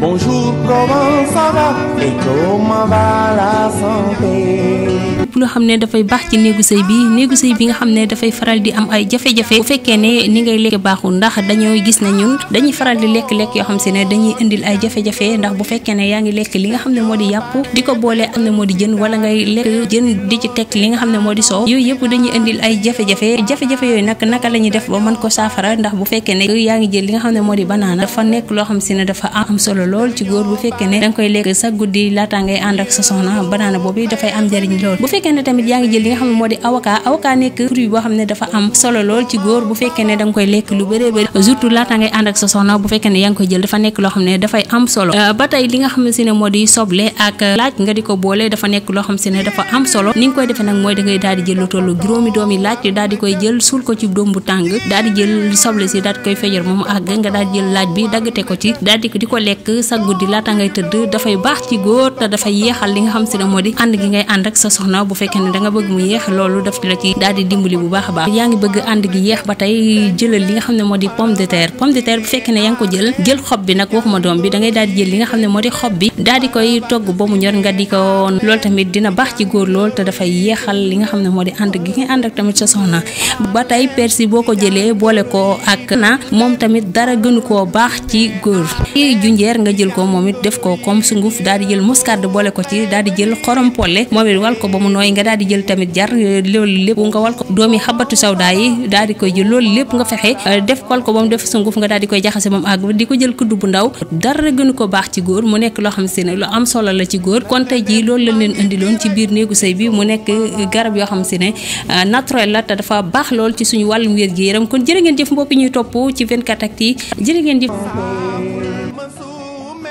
Bonjour, comment ça va et santé loo xam ne dafay baax ci néegu sëy bi néegu sëy bi nga xam ne dafay faral di am ay jafe-jafe bu fekkee ne ni ngay lekk baaxul ndax dañooy gis na ñun dañuy faral di lekk-lekk yoo xam si ne dañuy indil ay jafe ndax bu fekkee ne yaa ngi lekk li nga xam ne moo di yàpp di ko boolee am na moo di jën wala ngay lekk jën di ci teg li nga xam ne moo di soow yooyu yëpp dañuy indil ay jafe-jafe naka la ñuy def ba mën ko saafara ndax bu fekkee ne yaa ngi jël li nga xam ne moo di banaana dafa nekk loo xam si ne dafa am solo lool ci góor bu fekkee ne danga koy lekk sa guddi laata ngay ànd ak sa soxna banaana boobu dafay am njariñ lool fekkee ne tamit ne moo di avocat avocat nekk fruit boo xam ne koy lekk lu bëree bëri surtout laata bu fekkee ne yaa ngi koy jël dafa ne dafay am solo euh, ba tey li nga xam ne si ne moo di soble ak laaj nga di ko boole dafa nekk loo xam si ne dafa am solo ni nga koy defee nag mooy da ngay di jël lu tollu juróomi doomi laaj daal di koy jël suul ko ci doom bu tàng daal jël soble si daal di koy fejor moomu àgg nga daal di jël laaj bi daggate ko ci daal di di ko lekk sa guddi laata ngay tëdd dafay baax ci góor te dafay yeexal li nga xam si ne moo di ànd gi ngay ànd ak sa soxna bu fekkee ne da nga bëgg mu yéex loolu daf la ci daal di dimbali bu baax a baax yaa ngi bëgg ànd gi yéex ba tey jëlal li nga xam ne moo di pomme de terre pomme de terre bu fekkee ne yaa ngi ko jël jël xob bi nag waxuma doom bi da ngay daal jël li nga xam ne moo di xob bi daal di koy togg ba mu ñor nga di ko loolu tamit dina baax ci góor lool te dafay yéexal li nga xam ne moo di ànd gi nga ànd ak tamit sa soxna ba tey persil boo ko jëlee boole ko ak na moom tamit dara gënu ko baax ci góor junjeer nga jël ko moom it def ko comme sunguf daal di jël muscade boole ko ci daal di jël xorom polle nooy nga daal di jël tamit jar loolu lépp nga wal ko doomi xabatu sawda yi daal koy jël loolu lépp nga fexe euh, def wal ko ba def sunguf nga daal di koy jaxase ba mu àgg di ko jël kudd bu ndaw dara gënu ko baax ci góor mu nekk loo xam si ne lu am solo la ci góor kon tey jii loolu lañ leen indiloon ci biir néegu sëy bi mu nekk euh, garab yoo xam si ne euh, naturel la te dafa baax lool ci suñu wàllum wér gi yaram kon jërë ngeen jëf mbokk ñuy topp ci 24 actu yi jërë ngeen jëf Masume,